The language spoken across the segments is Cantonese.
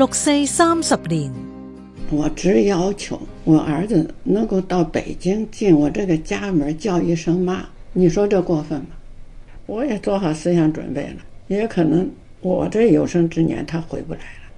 六四三十年，我只要求我兒子能夠到北京進我這個家門，叫一聲媽。你說這過分嗎？我也做好思想準備了，也可能我這有生之年他回不來了。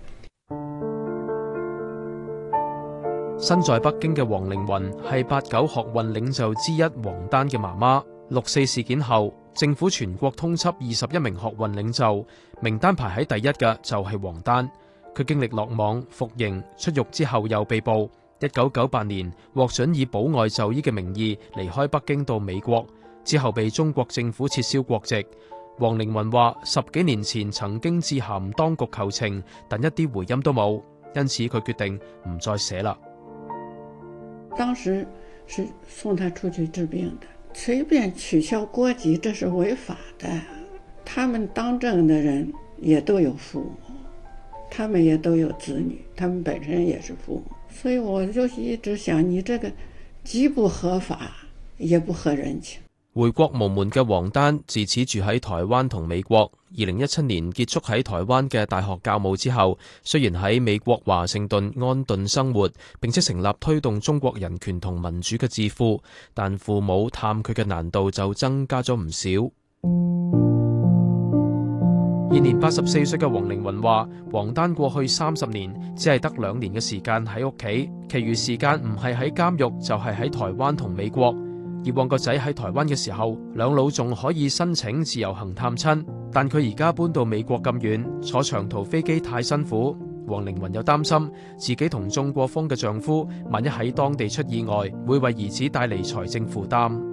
身在北京嘅王凌雲係八九學運領袖之一王丹嘅媽媽。六四事件後，政府全國通緝二十一名學運領袖，名單排喺第一嘅就係王丹。佢經歷落網、服刑、出獄之後又被捕。一九九八年獲准以保外就醫嘅名義離開北京到美國，之後被中國政府撤銷國籍。王凌雲話：十幾年前曾經致函當局求情，但一啲回音都冇，因此佢決定唔再寫啦。當時是送他出去治病的，隨便取消國籍，這是違法的。他們當政的人也都有福。他們也都有子女，他們本身也是父母，所以我就一直想，你這個既不合法，也不合人情。回國無門嘅王丹自此住喺台灣同美國。二零一七年結束喺台灣嘅大學教務之後，雖然喺美國華盛頓安頓生活，並且成立推動中國人權同民主嘅智庫，但父母探佢嘅難度就增加咗唔少。現年八十四歲嘅王凌雲話，王丹過去三十年只係得兩年嘅時間喺屋企，其餘時間唔係喺監獄就係、是、喺台灣同美國。以往個仔喺台灣嘅時候，兩老仲可以申請自由行探親，但佢而家搬到美國咁遠，坐長途飛機太辛苦。王凌雲又擔心自己同中過風嘅丈夫萬一喺當地出意外，會為兒子帶嚟財政負擔。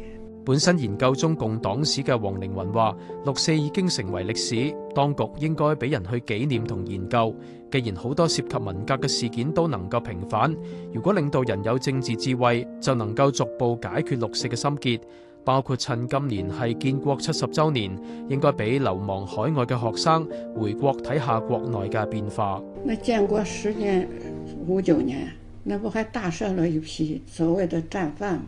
本身研究中共黨史嘅王凌雲話：六四已經成為歷史，當局應該俾人去紀念同研究。既然好多涉及文革嘅事件都能夠平反，如果領導人有政治智慧，就能夠逐步解決六四嘅心結，包括趁今年係建國七十周年，應該俾流亡海外嘅學生回國睇下國內嘅變化。那建國十年，五九年，那不還大赦了一批所謂的戰犯嗎？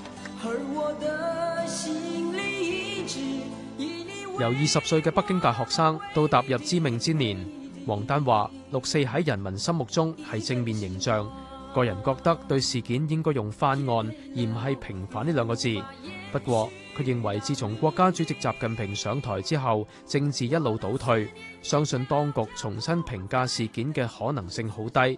由二十歲嘅北京大學生到踏入知命之年，王丹話：六四喺人民心目中係正面形象。個人覺得對事件應該用翻案而唔係平反呢兩個字。不過佢認為自從國家主席習近平上台之後，政治一路倒退，相信當局重新評價事件嘅可能性好低。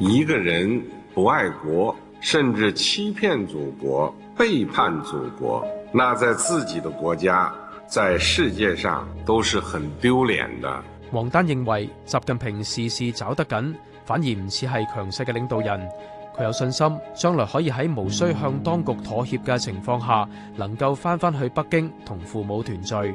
一個人不愛國，甚至欺騙祖國、背叛祖國，那在自己的國家、在世界上都是很丟臉的。王丹認為，習近平事事走得緊，反而唔似係強勢嘅領導人。佢有信心，將來可以喺無需向當局妥協嘅情況下，能夠翻返去北京同父母團聚。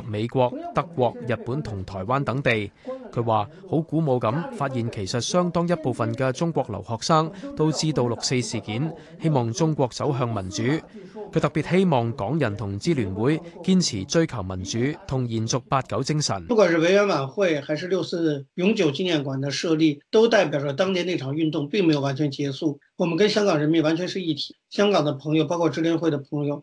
及美國、德國、日本同台灣等地，佢話好鼓舞咁，發現其實相當一部分嘅中國留學生都知道六四事件，希望中國走向民主。佢特別希望港人同支聯會堅持追求民主同延續八九精神。不管是維園晚會，還是六四永久紀念館的設立，都代表著當年那場運動並沒有完全結束。我們跟香港人民完全是一體。香港的朋友，包括支聯會的朋友。